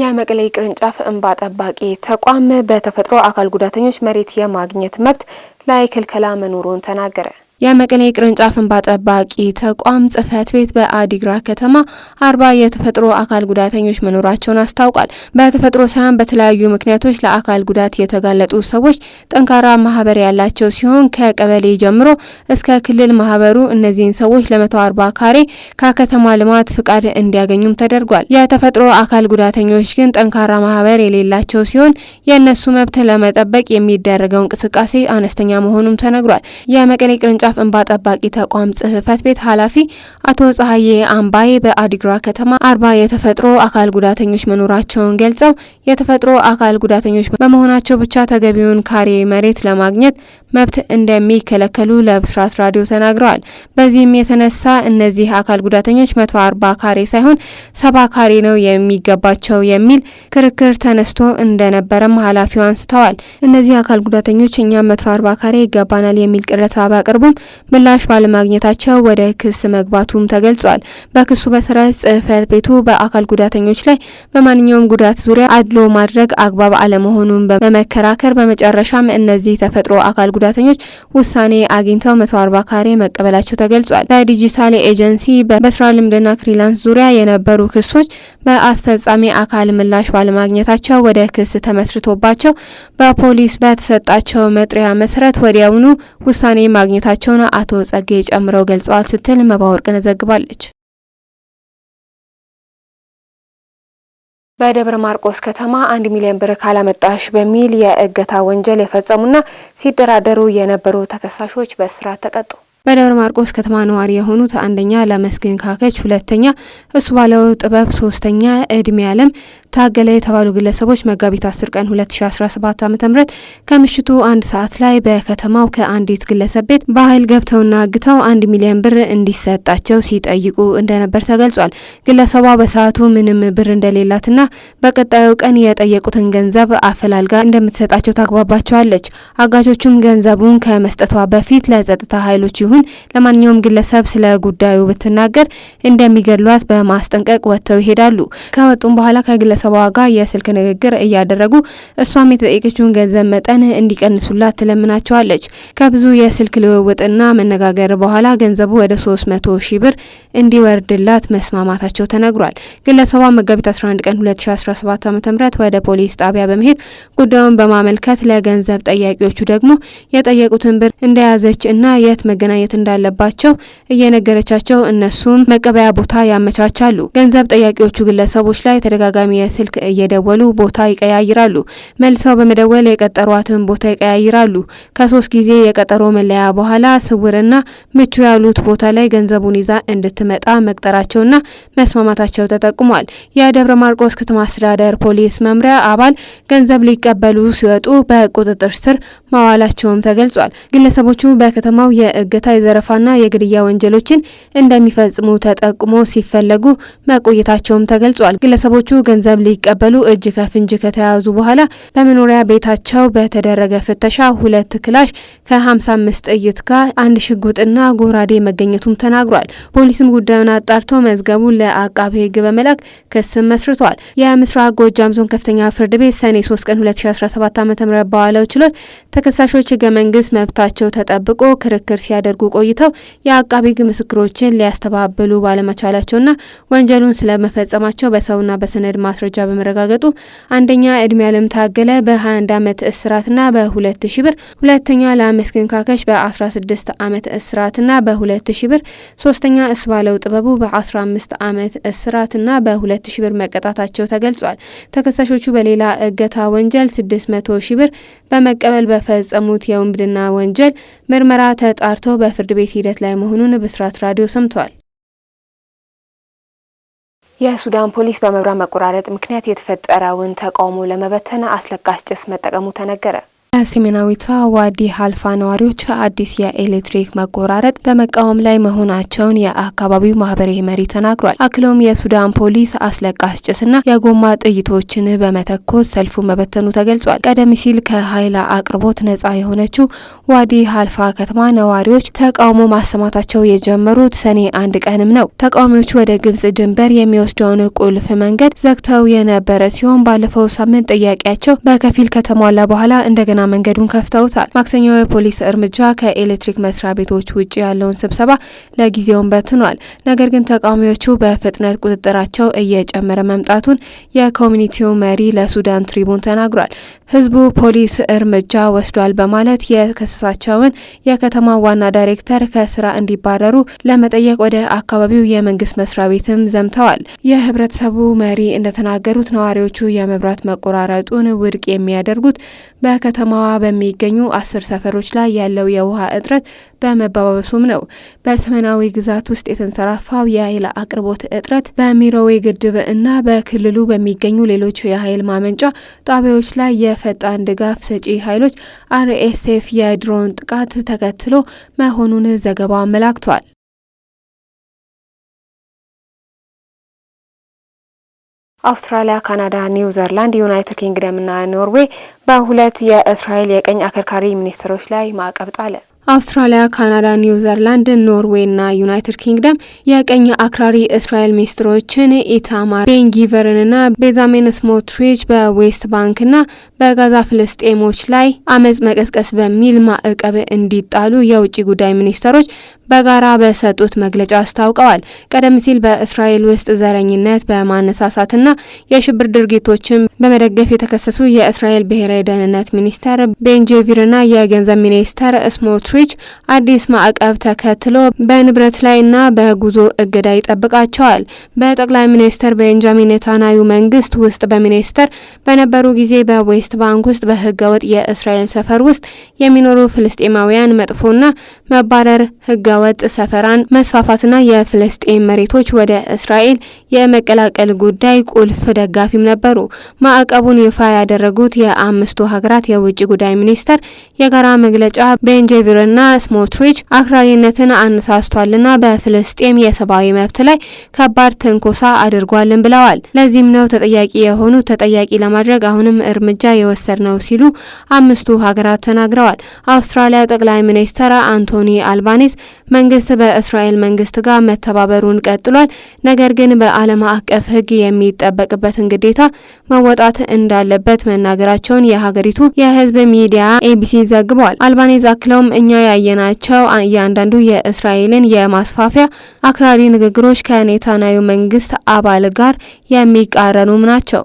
የመቀሌ ቅርንጫፍ እንባ ጠባቂ ተቋም በተፈጥሮ አካል ጉዳተኞች መሬት የማግኘት መብት ላይ ክልከላ መኖሩን ተናገረ። የመቀሌ ቅርንጫፍ እንባ ጠባቂ ተቋም ጽህፈት ቤት በአዲግራ ከተማ አርባ የተፈጥሮ አካል ጉዳተኞች መኖራቸውን አስታውቋል። በተፈጥሮ ሳይሆን በተለያዩ ምክንያቶች ለአካል ጉዳት የተጋለጡ ሰዎች ጠንካራ ማህበር ያላቸው ሲሆን ከቀበሌ ጀምሮ እስከ ክልል ማህበሩ እነዚህን ሰዎች ለመቶ አርባ ካሬ ከከተማ ልማት ፍቃድ እንዲያገኙም ተደርጓል። የተፈጥሮ አካል ጉዳተኞች ግን ጠንካራ ማህበር የሌላቸው ሲሆን የእነሱ መብት ለመጠበቅ የሚደረገው እንቅስቃሴ አነስተኛ መሆኑም ተነግሯል። የመቀሌ ቅርንጫፍ ቅርንጫፍ እንባ ጠባቂ ተቋም ጽህፈት ቤት ኃላፊ አቶ ጸሀዬ አምባዬ በአዲግራ ከተማ አርባ የተፈጥሮ አካል ጉዳተኞች መኖራቸውን ገልጸው የተፈጥሮ አካል ጉዳተኞች በመሆናቸው ብቻ ተገቢውን ካሬ መሬት ለማግኘት መብት እንደሚከለከሉ ለብስራት ራዲዮ ተናግረዋል። በዚህም የተነሳ እነዚህ አካል ጉዳተኞች መቶ አርባ ካሬ ሳይሆን ሰባ ካሬ ነው የሚገባቸው የሚል ክርክር ተነስቶ እንደነበረም ኃላፊው አንስተዋል። እነዚህ አካል ጉዳተኞች እኛ መቶ አርባ ካሬ ይገባናል የሚል ቅሬታ ባያቀርቡም ቢሆንም ምላሽ ባለማግኘታቸው ወደ ክስ መግባቱም ተገልጿል። በክሱ መሰረት ጽህፈት ቤቱ በአካል ጉዳተኞች ላይ በማንኛውም ጉዳት ዙሪያ አድሎ ማድረግ አግባብ አለመሆኑን በመከራከር በመጨረሻም እነዚህ ተፈጥሮ አካል ጉዳተኞች ውሳኔ አግኝተው መቶ አርባ ካሬ መቀበላቸው ተገልጿል። በዲጂታል ኤጀንሲ በስራ ልምድና ፍሪላንስ ዙሪያ የነበሩ ክሶች በአስፈጻሚ አካል ምላሽ ባለማግኘታቸው ወደ ክስ ተመስርቶባቸው በፖሊስ በተሰጣቸው መጥሪያ መሰረት ወዲያውኑ ውሳኔ ማግኘታቸው መሆናቸውን አቶ ጸጌ ጨምረው ገልጸዋል ስትል መባወርቅን ዘግባለች። በደብረ ማርቆስ ከተማ አንድ ሚሊዮን ብር ካላመጣሽ በሚል የእገታ ወንጀል የፈጸሙና ሲደራደሩ የነበሩ ተከሳሾች በእስራት ተቀጡ። በደብረ ማርቆስ ከተማ ነዋሪ የሆኑት አንደኛ ለመስገን ካከች፣ ሁለተኛ እሱ ባለው ጥበብ፣ ሶስተኛ እድሜ አለም ታገለ የተባሉ ግለሰቦች መጋቢት አስር ቀን 2017 ዓ ም ከምሽቱ አንድ ሰዓት ላይ በከተማው ከአንዲት ግለሰብ ቤት በኃይል ገብተውና አግተው አንድ ሚሊዮን ብር እንዲሰጣቸው ሲጠይቁ እንደነበር ተገልጿል። ግለሰቧ በሰዓቱ ምንም ብር እንደሌላትና በቀጣዩ ቀን የጠየቁትን ገንዘብ አፈላልጋ እንደምትሰጣቸው ታግባባቸዋለች። አጋቾቹም ገንዘቡን ከመስጠቷ በፊት ለጸጥታ ኃይሎች ይሁን ይሁን ለማንኛውም ግለሰብ ስለ ጉዳዩ ብትናገር እንደሚገሏት በማስጠንቀቅ ወጥተው ይሄዳሉ። ከወጡም በኋላ ከግለሰቧ ጋር የስልክ ንግግር እያደረጉ እሷም የተጠየቀችውን ገንዘብ መጠን እንዲቀንሱላት ትለምናቸዋለች። ከብዙ የስልክ ልውውጥና መነጋገር በኋላ ገንዘቡ ወደ ሶስት መቶ ሺህ ብር እንዲወርድላት መስማማታቸው ተነግሯል። ግለሰቧ መጋቢት 11 ቀን 2017 ዓ.ም ወደ ፖሊስ ጣቢያ በመሄድ ጉዳዩን በማመልከት ለገንዘብ ጠያቂዎቹ ደግሞ የጠየቁትን ብር እንደያዘች እና የት መገናኘ መታየት እንዳለባቸው እየነገረቻቸው እነሱም መቀበያ ቦታ ያመቻቻሉ። ገንዘብ ጠያቂዎቹ ግለሰቦች ላይ ተደጋጋሚ የስልክ እየደወሉ ቦታ ይቀያይራሉ። መልሰው በመደወል የቀጠሯትን ቦታ ይቀያይራሉ። ከሶስት ጊዜ የቀጠሮ መለያ በኋላ ስውርና ምቹ ያሉት ቦታ ላይ ገንዘቡን ይዛ እንድትመጣ መቅጠራቸውና መስማማታቸው ተጠቁሟል። የደብረ ማርቆስ ከተማ አስተዳደር ፖሊስ መምሪያ አባል ገንዘብ ሊቀበሉ ሲወጡ በቁጥጥር ስር ማዋላቸውም ተገልጿል። ግለሰቦቹ በከተማው የእገታ ዘረፋና የግድያ ወንጀሎችን እንደሚፈጽሙ ተጠቁሞ ሲፈለጉ መቆየታቸውም ተገልጿል። ግለሰቦቹ ገንዘብ ሊቀበሉ እጅ ከፍንጅ ከተያዙ በኋላ በመኖሪያ ቤታቸው በተደረገ ፍተሻ ሁለት ክላሽ ከ55 ጥይት ጋር አንድ ሽጉጥና ጎራዴ መገኘቱም ተናግሯል። ፖሊስም ጉዳዩን አጣርቶ መዝገቡን ለአቃቤ ሕግ በመላክ ክስም መስርቷል። የምስራቅ ጎጃም ዞን ከፍተኛ ፍርድ ቤት ሰኔ 3 ቀን 2017 ዓ ም በዋለው ችሎት ተከሳሾች ህገ መንግስት መብታቸው ተጠብቆ ክርክር ሲያደርጉ ሲያደርጉ ቆይተው የአቃቢ ሕግ ምስክሮችን ሊያስተባብሉ ባለመቻላቸውና ወንጀሉን ስለመፈጸማቸው በሰውና በሰነድ ማስረጃ በመረጋገጡ አንደኛ እድሜ ያለም ታገለ በ21 ዓመት እስራትና በ2 ብር፣ ሁለተኛ ለአመስገን ካከሽ በ16 ዓመት እስራትና በ2 ሺ ብር፣ ሶስተኛ ባለው ጥበቡ በ15 ዓመት እስራትና በ2 ብር መቀጣታቸው ተገልጿል። ተከሳሾቹ በሌላ እገታ ወንጀል 600 ሺ ብር በመቀበል በፈጸሙት የውንብድና ወንጀል ምርመራ ተጣርቶ በፍርድ ቤት ሂደት ላይ መሆኑን ብስራት ራዲዮ ሰምቷል። የሱዳን ፖሊስ በመብራት መቆራረጥ ምክንያት የተፈጠረውን ተቃውሞ ለመበተን አስለቃሽ ጭስ መጠቀሙ ተነገረ። የሰሜናዊቷ ዋዲ ሀልፋ ነዋሪዎች አዲስ የኤሌክትሪክ መቆራረጥ በመቃወም ላይ መሆናቸውን የአካባቢው ማህበሬ መሪ ተናግሯል። አክሎም የሱዳን ፖሊስ አስለቃሽ ጭስና የጎማ ጥይቶችን በመተኮስ ሰልፉ መበተኑ ተገልጿል። ቀደም ሲል ከኃይል አቅርቦት ነጻ የሆነችው ዋዲ ሀልፋ ከተማ ነዋሪዎች ተቃውሞ ማሰማታቸው የጀመሩት ሰኔ አንድ ቀንም ነው። ተቃዋሚዎቹ ወደ ግብጽ ድንበር የሚወስደውን ቁልፍ መንገድ ዘግተው የነበረ ሲሆን ባለፈው ሳምንት ጥያቄያቸው በከፊል ከተሟላ በኋላ እንደገና መንገዱን ከፍተውታል። ማክሰኞ የፖሊስ እርምጃ ከኤሌክትሪክ መስሪያ ቤቶች ውጭ ያለውን ስብሰባ ለጊዜውን በትኗል። ነገር ግን ተቃዋሚዎቹ በፍጥነት ቁጥጥራቸው እየጨመረ መምጣቱን የኮሚኒቲው መሪ ለሱዳን ትሪቡን ተናግሯል። ህዝቡ ፖሊስ እርምጃ ወስዷል በማለት የከሰሳቸውን የከተማ ዋና ዳይሬክተር ከስራ እንዲባረሩ ለመጠየቅ ወደ አካባቢው የመንግስት መስሪያ ቤትም ዘምተዋል። የህብረተሰቡ መሪ እንደተናገሩት ነዋሪዎቹ የመብራት መቆራረጡን ውድቅ የሚያደርጉት በከተማ ከተማዋ በሚገኙ አስር ሰፈሮች ላይ ያለው የውሃ እጥረት በመባባሱም ነው። በሰሜናዊ ግዛት ውስጥ የተንሰራፋው የኃይል አቅርቦት እጥረት በሚሮዌ ግድብ እና በክልሉ በሚገኙ ሌሎች የኃይል ማመንጫ ጣቢያዎች ላይ የፈጣን ድጋፍ ሰጪ ኃይሎች አርኤስኤፍ የድሮን ጥቃት ተከትሎ መሆኑን ዘገባው አመላክቷል። አውስትራሊያ፣ ካናዳ፣ ኒውዚላንድ፣ ዩናይትድ ኪንግደም ና ኖርዌይ በሁለት የእስራኤል የቀኝ አከርካሪ ሚኒስትሮች ላይ ማዕቀብ ጣለ። አውስትራሊያ፣ ካናዳ፣ ኒውዚላንድ፣ ኖርዌይ ና ዩናይትድ ኪንግደም የቀኝ አክራሪ እስራኤል ሚኒስትሮችን ኢታማር ቤንጊቨርን ና ቤዛሜን ስሞትሪች በዌስት ባንክ ና በጋዛ ፍልስጤሞች ላይ አመጽ መቀስቀስ በሚል ማዕቀብ እንዲጣሉ የውጭ ጉዳይ ሚኒስተሮች በጋራ በሰጡት መግለጫ አስታውቀዋል። ቀደም ሲል በእስራኤል ውስጥ ዘረኝነት በማነሳሳትና የሽብር ድርጊቶችን በመደገፍ የተከሰሱ የእስራኤል ብሔራዊ ደህንነት ሚኒስተር ቤንጄቪርና የገንዘብ ሚኒስተር ስሞትሪች አዲስ ማዕቀብ ተከትሎ በንብረት ላይና በጉዞ እገዳ ይጠብቃቸዋል። በጠቅላይ ሚኒስትር ቤንጃሚን ኔታንያሁ መንግስት ውስጥ በሚኒስተር በነበሩ ጊዜ በዌስት ባንክ ውስጥ በህገወጥ የእስራኤል ሰፈር ውስጥ የሚኖሩ ፍልስጤማውያን መጥፎና መባረር ህገ ወጥ ሰፈራን መስፋፋትና የፍልስጤም መሬቶች ወደ እስራኤል የመቀላቀል ጉዳይ ቁልፍ ደጋፊም ነበሩ። ማዕቀቡን ይፋ ያደረጉት የአምስቱ ሀገራት የውጭ ጉዳይ ሚኒስተር የጋራ መግለጫ ቤንጀቪርና ስሞትሪች አክራሪነትን አነሳስቷልና በፍልስጤም የሰብአዊ መብት ላይ ከባድ ትንኮሳ አድርጓልን ብለዋል። ለዚህም ነው ተጠያቂ የሆኑ ተጠያቂ ለማድረግ አሁንም እርምጃ የወሰድ ነው ሲሉ አምስቱ ሀገራት ተናግረዋል። አውስትራሊያ ጠቅላይ ሚኒስትር አንቶኒ አልባኒስ ። መንግስት በእስራኤል መንግስት ጋር መተባበሩን ቀጥሏል። ነገር ግን በዓለም አቀፍ ሕግ የሚጠበቅበትን ግዴታ መወጣት እንዳለበት መናገራቸውን የሀገሪቱ የህዝብ ሚዲያ ኤቢሲ ዘግቧል። አልባኔዝ አክለውም እኛ ያየናቸው እያንዳንዱ የእስራኤልን የማስፋፊያ አክራሪ ንግግሮች ከኔታናዩ መንግስት አባል ጋር የሚቃረኑም ናቸው።